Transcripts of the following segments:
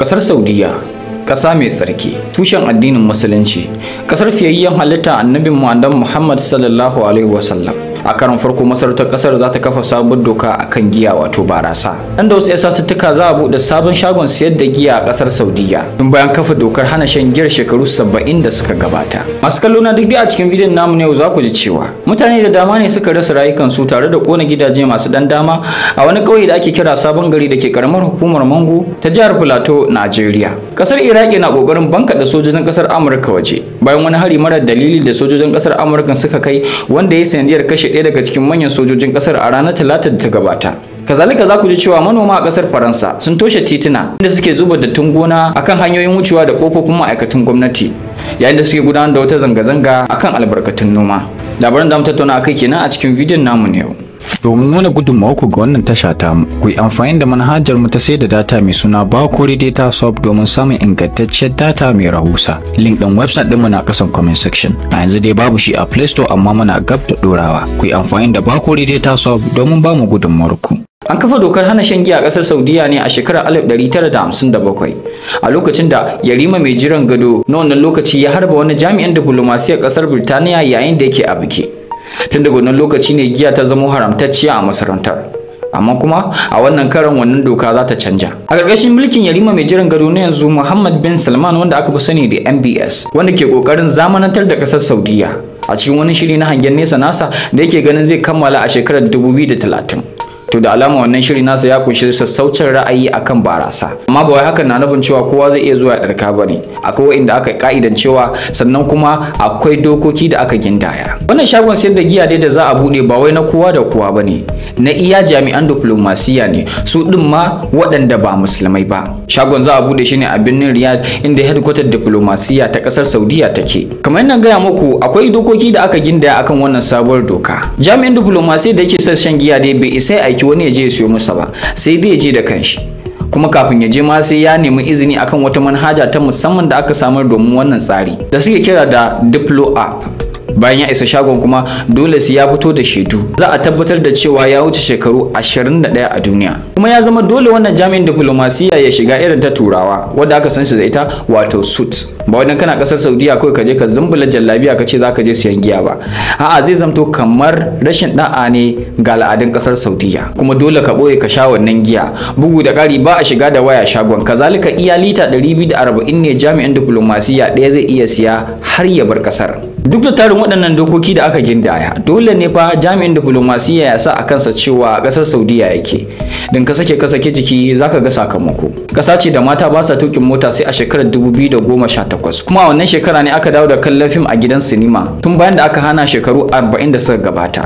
Kasar Saudiyya, ƙasa mai tsarki tushen addinin musulunci ƙasar fiyayyen halitta annabin mu Muhammad sallallahu alaihi wasallam a karan farko masarautar kasar za ta kafa sabon doka kan giya wato barasa dan da wasu yasasuttuka za a bude sabon shagon siyar da giya a kasar saudiya tun bayan kafa dokar hana shan giyar shekaru 70 da suka gabata masu kallo na duk a cikin bidiyon namu ne za ku ji cewa mutane da dama ne suka rasa rayukan su tare da kona gidaje masu dan dama a wani kauye da ake kira sabon gari da ke karamar hukumar mango ta jihar plateau najeriya kasar iraki na kokarin da sojojin kasar amurka waje bayan wani hari marar dalili da sojojin kasar amurka suka kai wanda ya sanadiyar kashe ɗaya daga cikin manyan sojojin ƙasar a ranar talata da ta gabata kazalika za ku ji cewa manoma a ƙasar faransa sun toshe tituna inda suke zuba dattin gona akan hanyoyin wucewa da ƙofofin ma'aikatan gwamnati yayin da suke gudanar da wata zanga-zanga akan albarkatun noma labarin da mu tattauna akai kenan a cikin bidiyon namu ne yau Domin nuna ku ga wannan tasha mu ku yi amfani da manhajar mu ta sai da data mai suna bakori Data Swap domin samun ingantacciyar data mai rahusa. Link ɗin website mu na ƙasan comment section. A yanzu dai babu shi a Play Store amma muna gab da dorawa Ku yi amfani da bakori Data Swap domin ba mu ku An kafa dokar hana shan giya a ƙasar Saudiya ne a shekarar 1957 a lokacin da Yarima mai jiran gado na wannan lokaci ya harba wani jami'in diflomasiyar ƙasar Birtaniya yayin da yake a biki. tun daga wannan lokaci ne giya ta zama haramtacciya a masarautar amma kuma a wannan karan wannan doka za ta canja a ƙarƙashin mulkin yarima mai jiran gado na yanzu muhammad bin salman wanda aka fi sani da mbs wanda ke ƙoƙarin zamanantar da ƙasar Saudiyya, a cikin wani shiri na hangen nesa nasa da yake ganin zai kammala a shekarar 2030 to da alama wannan shiri nasa ya kunshi sassaucin ra'ayi akan barasa amma ba wai hakan na nufin cewa kowa zai iya zuwa ɗarka ba ne akwai wanda aka ka'idan cewa sannan kuma akwai dokoki da aka gindaya wannan shagon sayar da giya da za a buɗe ba wai na kowa da kowa ba ne na iya jami'an diplomasiya ne su din ma waɗanda ba musulmai ba shagon za a buɗe shi ne a birnin riyadh inda headquarter diplomasiya ta ƙasar saudiya take kamar nan gaya muku akwai dokoki da aka gindaya akan wannan sabuwar doka Jami'an diplomasiya da yake son giya dai bai isa aiki ɗauki wani ya je ya siyo masa ba sai dai ya je da kanshi kuma kafin ya je ma sai ya nemi izini akan wata manhaja ta musamman da aka samar domin wannan tsari da suke kira da Diplo app bayan ya isa shagon kuma dole sai ya fito da shaidu za a tabbatar da cewa ya wuce shekaru 21 a duniya kuma ya zama dole wannan jami'in diplomasiya ya shiga irin ta turawa wadda aka san shi da ita wato suit ba wadan kana kasar saudiya kawai ka je ka zumbula jallabiya ka ce za ka je siyan giya ba a'a zai zamto kamar rashin da'a ne ga al'adun kasar saudiya kuma dole ka boye ka sha wannan giya bugu da ƙari ba a shiga da waya shagon kazalika iya lita 240 ne jami'in diplomasiya ɗaya zai iya siya har ya bar kasar duk da tarin waɗannan dokoki da aka gindaya dole ne fa jami'in diflomasiyya ya sa a kansa cewa ƙasar saudiya yake don ka sake ka ke jiki ka ga sakamako ƙasa ce da mata ba sa tukin mota sai a shekarar 2018 kuma a wannan shekara ne aka dawo da kallon fim a gidan sinima tun bayan da aka hana shekaru 40 da suka gabata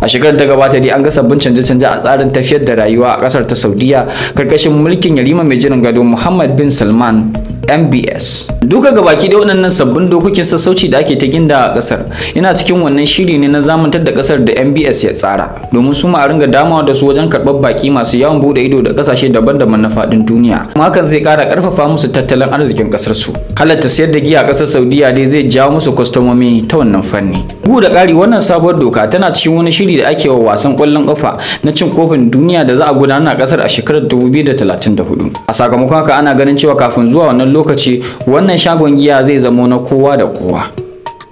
a shekarar da gabata dai an ga sabbin canje-canje a tsarin tafiyar da rayuwa a ƙasar ta saudiya karkashin mulkin yarima mai jiran gado muhammad bin salman mbs duka gabaki da waɗannan sabbin dokokin sassauci da ake ta ginda a ƙasar yana cikin wannan shiri ne na zamantar da ƙasar da mbs ya tsara domin su ma a ringa damawa da su wajen karɓar baki masu yawon buɗe ido da ƙasashe daban-daban na faɗin duniya kuma hakan zai ƙara ƙarfafa musu tattalin arzikin ƙasar su halatta sayar da giya a ƙasar saudiya dai zai jawo musu kwastomomi ta wannan fanni bugu da ƙari wannan sabuwar doka tana cikin wani shiri da ake wa wasan kwallon ƙafa na cin kofin duniya da za a gudanar a ƙasar a shekarar 2034 a sakamakon haka ana ganin cewa kafin zuwa wannan lokaci wannan shagon giya zai zamo na kowa da kowa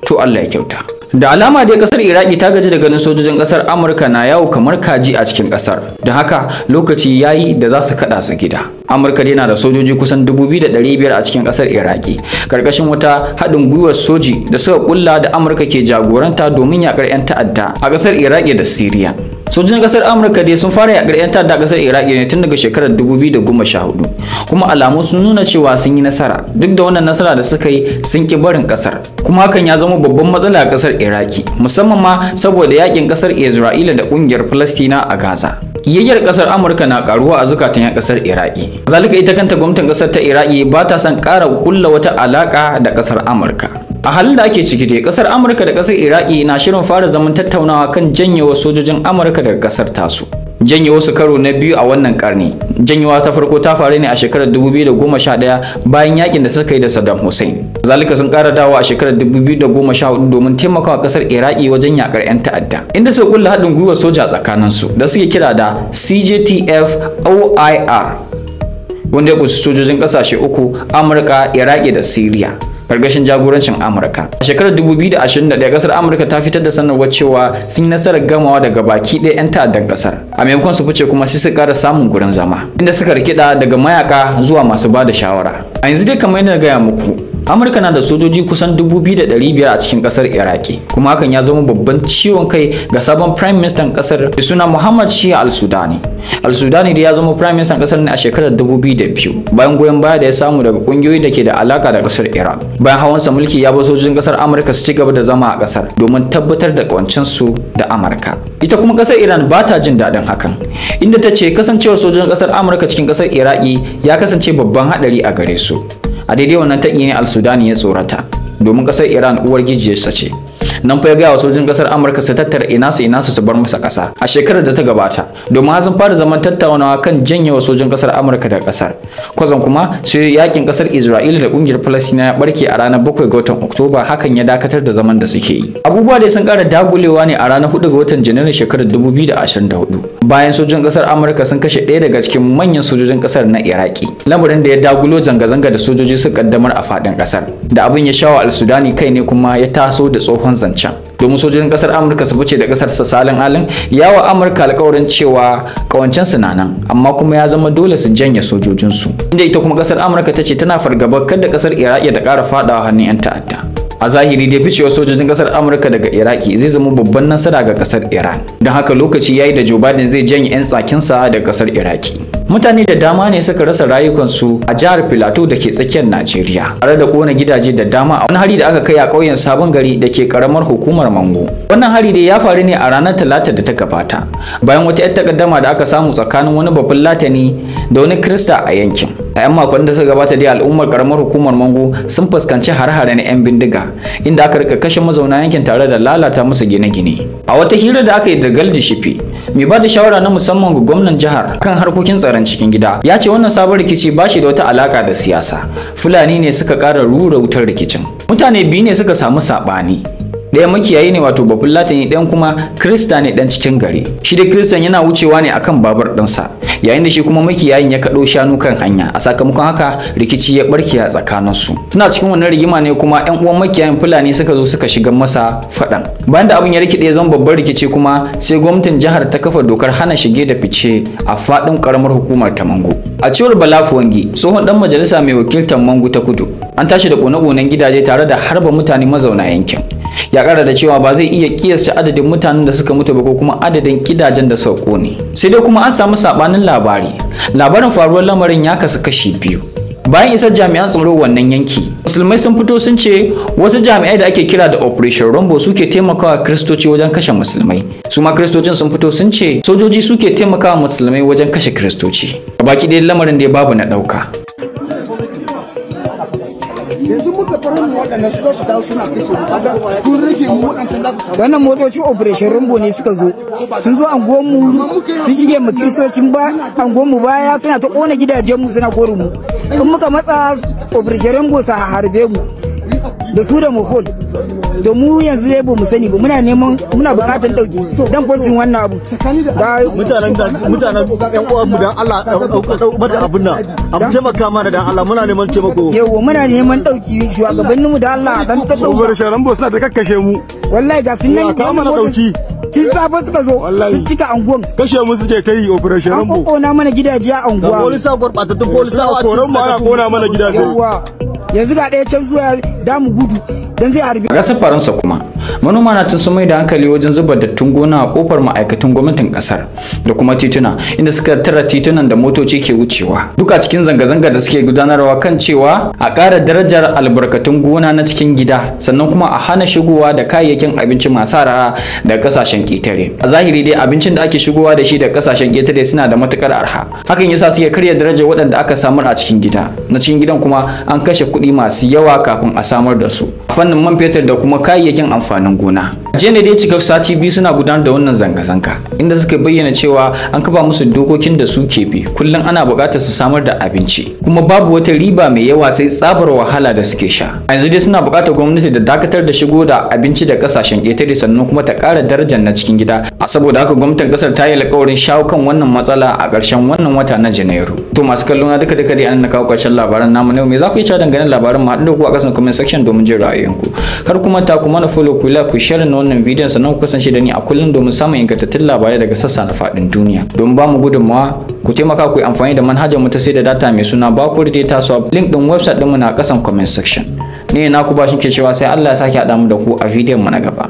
to Allah ya kyauta da alama dai kasar iraki ta gaji da ganin sojojin kasar amurka na yawo kamar kaji a cikin kasar da haka lokaci yayi da za su kada su gida amurka dai na da sojoji kusan 2,500 a cikin kasar iraki karkashin wata haɗin gwiwar soji da suka kulla da amurka ke jagoranta domin yakar 'yan ta'adda a kasar iraki da siriya sojojin kasar amurka dai sun fara yakar 'yan ta'adda kasar iraki ne tun daga shekarar 2014 kuma alamu sun nuna cewa sun yi nasara duk da wannan nasara da suka yi sun ki barin kasar kuma hakan ya zama babban matsala a kasar iraki musamman ma saboda yakin kasar isra'ila da kungiyar palestina a gaza Yayyar kasar Amurka na karuwa a zukatan yan kasar Iraki. Zalika ita kanta gwamnatin kasar ta Iraki ba ta son kara kulla wata alaka da kasar Amurka. a halin da ake ciki dai kasar amurka da kasar iraki na shirin fara zaman tattaunawa kan janyewa sojojin amurka daga kasar tasu janyewa su karo na biyu a wannan karni janyewa ta farko ta faru ne a shekarar 2011 bayan yakin da suka yi da saddam hussein zalika sun kara dawo a shekarar 2014 domin taimakawa kasar iraki wajen yakar 'yan ta'adda inda suka kulla haɗin gwiwar soja tsakaninsu da suke kira da cjtf oir wanda ya kusa sojojin ƙasashe uku amurka iraki da siriya karkashin jagorancin Amurka. A shekarar 2021 kasar Amurka ta fitar da sanarwar cewa sun yi nasarar gamawa daga baki ɗaya 'yan ta'addan kasar. A maimakon su fice kuma sai su ƙara samun gurin zama inda suka rikida daga mayaka zuwa masu ba da shawara. A yanzu dai kamar yana gaya muku amurka na da sojoji kusan 2,500 a cikin kasar iraki kuma hakan ya zama babban ciwon kai ga sabon prime minister kasar da suna muhammad shia al-sudani al-sudani da ya zama prime minister kasar ne a shekarar 2002 bayan goyon baya da ya samu daga kungiyoyi da ke da alaka da kasar iran bayan hawan sa mulki ya bar sojojin kasar amurka su ci gaba da zama a kasar domin tabbatar da kwancinsu da amurka ita kuma kasar iran ba ta jin daɗin hakan inda ta ce kasancewar sojojin kasar amurka cikin kasar iraki ya kasance babban haɗari a gare su a daidai wannan taƙi ne al-sudani ya tsorata domin ƙasar iran uwar gijiyarsa ce nan fa ya gaya wa sojin kasar amurka su tattara ina su ina su bar masa kasa a shekarar da ta gabata domin hazin fara zaman tattaunawa kan janye wa sojin kasar amurka da kasar kwazon kuma sai yakin kasar isra'ila da kungiyar falastina ya barke a ranar 7 ga watan oktoba hakan ya dakatar da zaman da suke yi abubuwa dai sun kara dagulewa ne a ranar 4 ga watan janairu shekarar 2024 bayan sojojin kasar amurka sun kashe ɗaya daga cikin manyan sojojin kasar na iraki lamarin da ya dagulo zanga-zanga da sojoji suka kaddamar a faɗin kasar da abin ya shawo al-sudani kai ne kuma ya taso da tsohon zanga can domin sojojin kasar amurka su fice da kasar salin alin wa amurka alkawarin cewa kawancen su nan amma kuma ya zama dole su janye sojojin su inda ita kuma ƙasar amurka ta ce tana fargaba kada kasar iraki ta ƙara fadawa hannun 'yan ta'adda a zahiri dai ficewar sojojin ƙasar amurka daga iraki zai zama babban nasara ga ƙasar iran don haka lokaci yayi da joe biden zai janye 'yan tsakinsa daga ƙasar iraki mutane da dama ne suka rasa rayukansu a jihar Filato da ke tsakiyar Najeriya tare da kona gidaje da dama a wani hari da aka kai a ƙauyen Sabon Gari da ke karamar hukumar Mango wannan hari dai ya faru ne a ranar Talata da ta gabata bayan wata yar takaddama da aka samu tsakanin wani babban latani da wani Krista a yankin a yan makon da suka gabata dai al'ummar karamar hukumar Mango sun fuskanci har-hare na 'yan bindiga inda aka rika kashe mazauna yankin tare da lalata musu gine-gine a wata hira da aka yi da Galdi Shifi mai bada shawara na musamman ga gwamnan jihar kan harkokin tsaron cikin gida ya ce wannan sabon rikici ba shi da wata alaka da siyasa fulani ne suka kara rura wutar rikicin mutane biyu ne suka samu saɓani ɗaya makiyayi ne wato babban latin ɗayan kuma krista ne ɗan cikin gari shi da kristan yana wucewa ne akan babar ɗinsa yayin da shi kuma makiyayin ya kaɗo shanu kan hanya a sakamakon haka rikici ya barke a tsakanin su suna cikin wannan rigima ne kuma yan uwan makiyayin fulani suka zo suka shiga masa faɗan bayan da abin ya rikide ya zama babban rikici kuma sai gwamnatin jihar ta kafa dokar hana shige da fice a faɗin karamar hukumar ta mango a cewar bala fuwangi tsohon dan majalisa mai wakiltar Mangu ta kudu an tashi da kone-konen gidaje tare da harba mutane mazauna yankin ya kara da cewa ba zai iya kiyasta adadin mutanen da suka mutu ba ko kuma adadin gidajen da sauko ne. sai dai kuma an samu sabanin labari labarin faruwar lamarin ya kasu kashi biyu bayan isar jami'an tsaro wannan yanki musulmai sun fito sun ce wasu jami'ai da ake kira da operation rombo suke taimakawa kristoci wajen kashe musulmai su ma kristocin sun fito sun ce sojoji suke taimakawa musulmai wajen kashe kristoci a baki ɗaya lamarin da babu na ɗauka sauran motocin su su wannan motoci operation rumbo ne suka zo sun zo anguwan sun shige mu kisocin ba anguwan gomu baya suna ta kona gidajen mu suna kore mu in muka matsa operation rumbo sa harbe mu da su da mokol da mu yanzu dai ba mu sani ba muna neman muna bukatun dauke dan fosin wannan abu da mutanen da mutanen yan uwa mu dan Allah daukar da abun nan abu taimaka mana dan Allah muna neman taimako yawa muna neman dauki shugabannin mu dan Allah dan ta dauka gobe sharan bo suna ta kakkashe mu wallahi ga sun nan ka mana dauki tun safe suka zo sun cika anguwan kashe mu suke ta yi operation rambo an kokona mana gidaje a anguwa da polisa gurbatattun polisa a cikin kona mana gidaje yanzu ga ɗaya can zuwa damu gudu don zai harbi. A ƙasar Faransa kuma manoma na sun mai da hankali wajen zuba dattun gona a kofar ma'aikatan gwamnatin kasar da kuma tituna inda suka tara titunan da motoci ke wucewa duk a cikin zanga-zanga da suke gudanarwa kan cewa a ƙara darajar albarkatun gona na cikin gida sannan kuma a hana shigowa da kayayyakin abinci masu arha da kasashen ƙetare a zahiri dai abincin da ake shigowa da shi da kasashen ƙetare suna da matukar arha hakan yasa suke karya darajar waɗanda aka samar a cikin gida na cikin gidan kuma an kashe kuɗi masu yawa kafin a samar da su fannin man fetur da kuma kayayyakin amfani amfanin gona. Jiya ne dai cika sati biyu suna gudanar da wannan zanga-zanga inda suka bayyana cewa an kaba musu dokokin da su ke bi kullum ana buƙatar su samar da abinci kuma babu wata riba mai yawa sai tsabar wahala da suke sha. A yanzu dai suna buƙatar gwamnati da dakatar da shigo da abinci da ƙasashen ƙetare sannan kuma ta ƙara darajar na cikin gida. A saboda haka gwamnatin ƙasar ta yi alƙawarin shawo kan wannan matsala a ƙarshen wannan wata na Janairu. To masu kallo na duka duka dai an na kawo ƙarshen labaran namu ne me za ku yi cewa dangane labarin mu haɗu da ku a ƙasan comment section domin jin ra'ayinku. Har kuma ta kuma na follow ku like ku share na wannan bidiyon sannan ku kasance da ni a kullum domin samun ingantattun labarai daga sassa na faɗin duniya. Don ba mu gudunmawa ku taimaka ku yi amfani da manhajar mu ta sai da data mai suna Bakur Data Swap link din website ɗinmu na ƙasan comment section. Ni na ku bashin ke cewa sai Allah ya sake haɗa mu da ku a bidiyon mu na gaba.